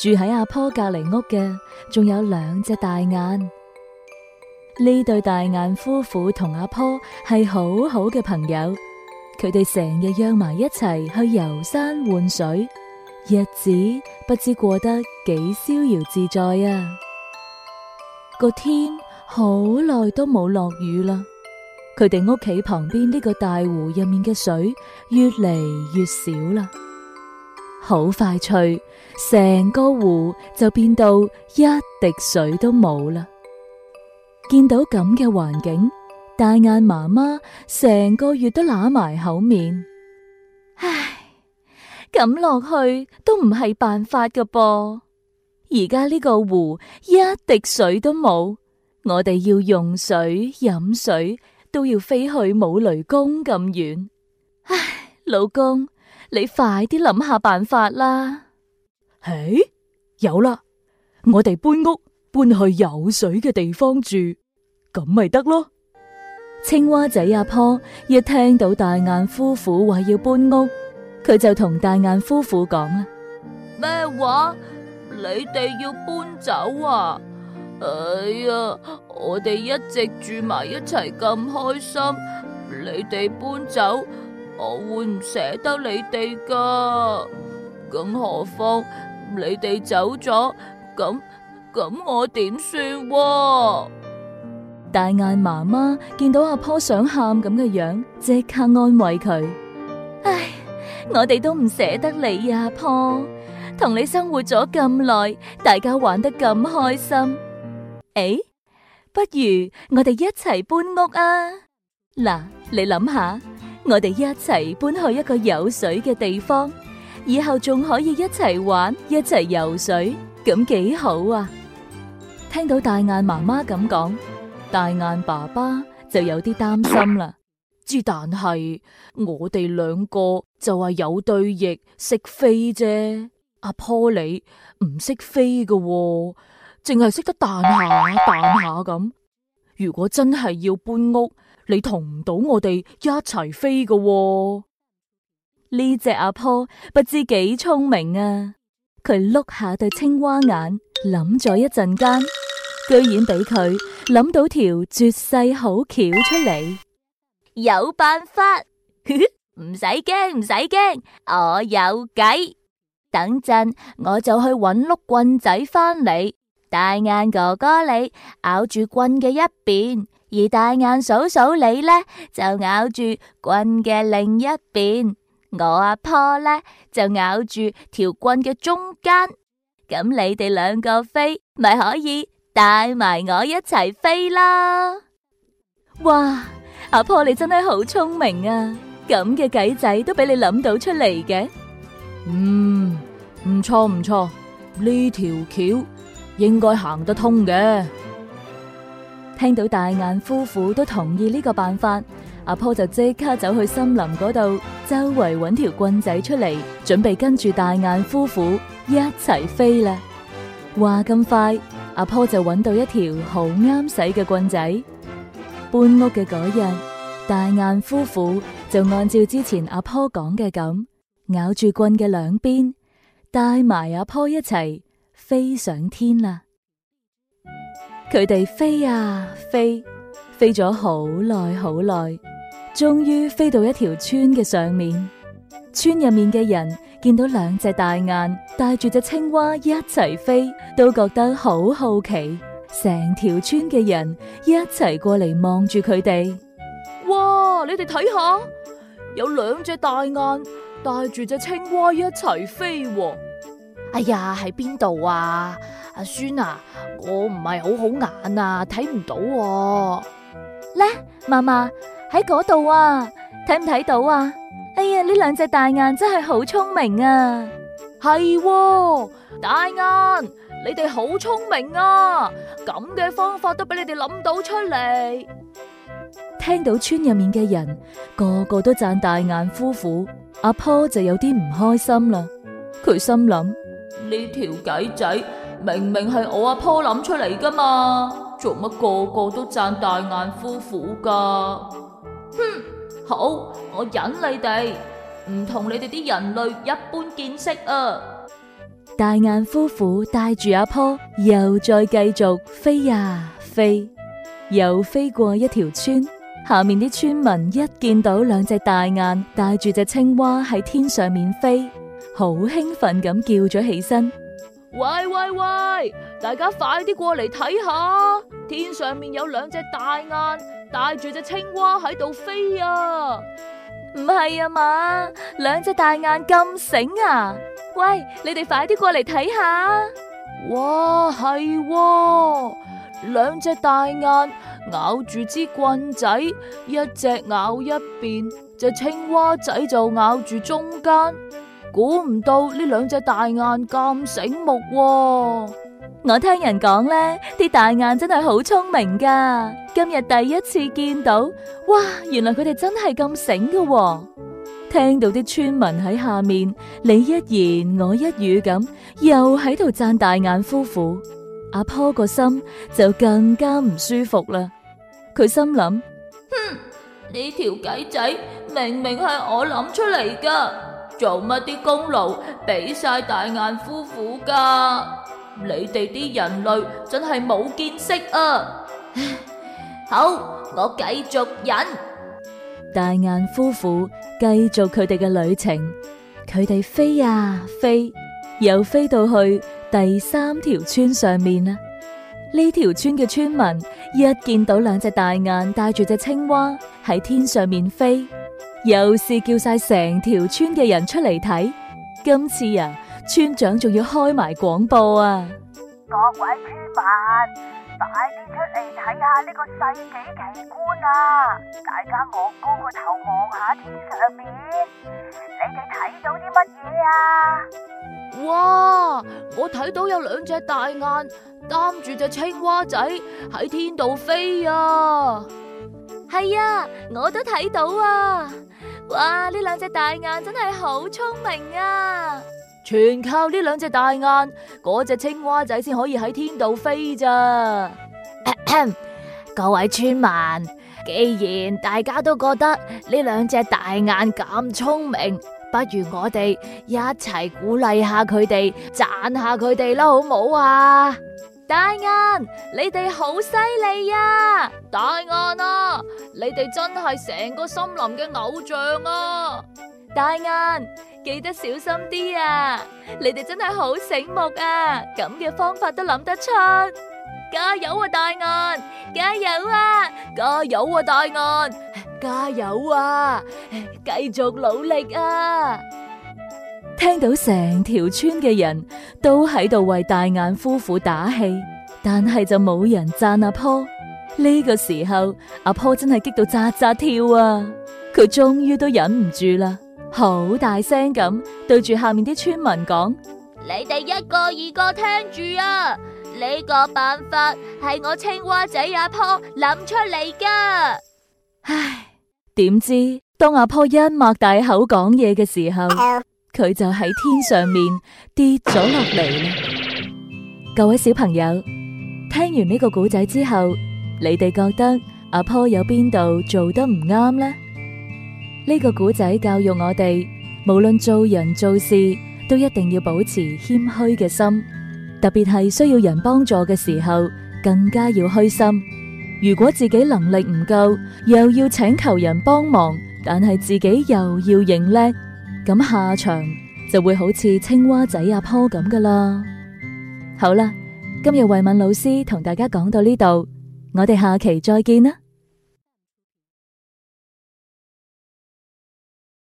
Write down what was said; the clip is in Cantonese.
住喺阿婆隔籬屋嘅，仲有兩隻大雁。呢對大雁夫婦同阿婆係好好嘅朋友，佢哋成日約埋一齊去遊山玩水，日子不知過得幾逍遙自在呀、啊。個天好耐都冇落雨啦，佢哋屋企旁邊呢個大湖入面嘅水越嚟越少啦。好快脆，成個湖就變到一滴水都冇啦！見到咁嘅環境，大雁媽媽成個月都揦埋口面。唉，咁落去都唔係辦法噶噃！而家呢個湖一滴水都冇，我哋要用水、飲水都要飛去武雷宮咁遠。唉，老公。你快啲諗下辦法啦！唉，hey? 有啦，我哋搬屋搬去有水嘅地方住，咁咪得咯。青蛙仔阿坡一聽到大雁夫婦話要搬屋，佢就同大雁夫婦講啦：咩話？你哋要搬走啊？哎呀，我哋一直住埋一齊咁開心，你哋搬走。我會唔捨得你哋噶更何況你哋走咗咁，咁我點算？大雁媽媽見到阿婆想喊咁嘅樣，即刻安慰佢。唉，我哋都唔捨得你呀，阿婆，同你生活咗咁耐，大家玩得咁開心。誒，不如我哋一齊搬屋啊？嗱，你諗下。我哋一齊搬去一個有水嘅地方，以後仲可以一齊玩、一齊游水，咁幾好啊！聽到大雁媽媽咁講，大雁爸爸就有啲擔心啦。之但係我哋兩個就係有對翼識飛啫，阿波你唔識飛嘅，哦，淨係識得彈下彈下咁。如果真係要搬屋，你同唔到我哋一齊飛噶喎？呢隻阿婆不知幾聰明啊！佢碌下對青蛙眼，諗咗一陣間，居然俾佢諗到條絕世好橋出嚟，有辦法！唔使驚，唔使驚，我有計。等陣我就去揾碌棍仔翻嚟，大眼哥哥你咬住棍嘅一邊。而大眼嫂嫂你呢，就咬住棍嘅另一邊，我阿婆呢，就咬住條棍嘅中間。咁你哋兩個飛，咪可以帶埋我一齊飛啦！哇，阿婆你真係好聰明啊！咁嘅計仔都俾你諗到出嚟嘅。嗯，唔錯，唔錯，呢條橋應該行得通嘅。聽到大雁夫婦都同意呢個辦法，阿波就即刻走去森林嗰度，周圍揾條棍仔出嚟，準備跟住大雁夫婦一齊飛啦。話咁快，阿波就揾到一條好啱使嘅棍仔。搬屋嘅嗰日，大雁夫婦就按照之前阿波講嘅咁，咬住棍嘅兩邊，帶埋阿波一齊飛上天啦。佢哋飛呀飛，飛咗好耐好耐，終於飛到一條村嘅上面。村入面嘅人見到兩隻大雁，帶住隻青蛙一齊飛，都覺得好好奇。成條村嘅人一齊過嚟望住佢哋。哇！你哋睇下，有兩隻大雁帶住隻青蛙一齊飛喎。哎呀，喺邊度啊？阿孫啊，我唔係好好眼啊，睇唔到喎。咧，媽媽喺嗰度啊，睇唔睇到啊？哎呀，呢兩隻大雁真係好聰明啊！係喎，大雁，你哋好聰明啊！咁嘅方法都俾你哋諗到出嚟。聽到村入面嘅人個個都讚大雁夫婦，阿婆就有啲唔開心啦。佢心諗呢條計仔。明明係我阿婆諗出嚟噶嘛，做乜個個都讚大雁夫婦噶？哼，好，我忍你哋，唔同你哋啲人類一般見識啊！大雁夫婦帶住阿婆又再繼續飛呀飛，又飛過一條村，下面啲村民一見到兩隻大雁帶住隻青蛙喺天上面飛，好興奮咁叫咗起身。喂喂喂！大家快啲過嚟睇下，天上面有兩隻大雁帶住隻青蛙喺度飛啊！唔係啊嘛，兩隻大雁咁醒啊！喂，你哋快啲過嚟睇下。哇，係喎，兩隻大雁咬住支棍仔，一隻咬一邊，隻青蛙仔就咬住中間。估唔到呢兩隻大雁咁醒目！哦，我聽人講呢啲大雁真係好聰明噶。今日第一次見到，哇，原來佢哋真係咁醒噶。哦。聽到啲村民喺下面你一言我一語咁，又喺度讚大雁夫婦，阿婆個心就更加唔舒服啦。佢心諗：哼，呢條計仔明明係我諗出嚟噶。做乜啲功勞俾晒大雁夫婦噶？你哋啲人類真係冇見識啊！好，我繼續忍。大雁夫婦繼續佢哋嘅旅程，佢哋飛呀飛，又飛到去第三條村上面啦。呢條村嘅村民一見到兩隻大雁帶住隻青蛙喺天上面飛。又是叫晒成條村嘅人出嚟睇，今次啊，村長仲要開埋廣播啊！各位村民，快啲出嚟睇下呢個世紀奇觀啊！大家昂高個頭望下天上面，你哋睇到啲乜嘢啊？哇！我睇到有兩隻大雁擔住隻青蛙仔喺天度飛啊！係啊，我都睇到啊！哇，呢兩隻大雁真係好聰明啊！全靠呢兩隻大雁，嗰隻青蛙仔先可以喺天度飛咋！ 各位村民，既然大家都覺得呢兩隻大雁咁聰明，不如我哋一齊鼓勵下佢哋，讚下佢哋啦，好唔好啊？大雁，你哋好犀利啊！大雁啊，你哋真係成個森林嘅偶像啊！大雁，記得小心啲啊！你哋真係好醒目啊！咁嘅方法都諗得出，加油啊大雁，加油啊，加油啊大雁，加油啊，繼續努力啊！聽到成條村嘅人都喺度為大眼夫婦打氣，但係就冇人讚阿婆。呢個時候，阿婆真係激到喳喳跳啊！佢終於都忍唔住啦，好大聲咁對住下面啲村民講：你哋一個二個聽住啊！呢個辦法係我青蛙仔阿婆諗出嚟噶。唉，點知當阿婆一擘大口講嘢嘅時候。呃佢就喺天上面跌咗落嚟。各位小朋友，聽完呢個故仔之後，你哋覺得阿婆有邊度做得唔啱呢？呢、呢個故仔教育我哋，無論做人做事，都一定要保持謙虛嘅心，特別係需要人幫助嘅時候，更加要虛心。如果自己能力唔夠，又要請求人幫忙，但係自己又要認叻。咁下場就會好似青蛙仔阿波咁㗎啦。好啦，今日慧敏老師同大家講到呢度，我哋下期再見啦。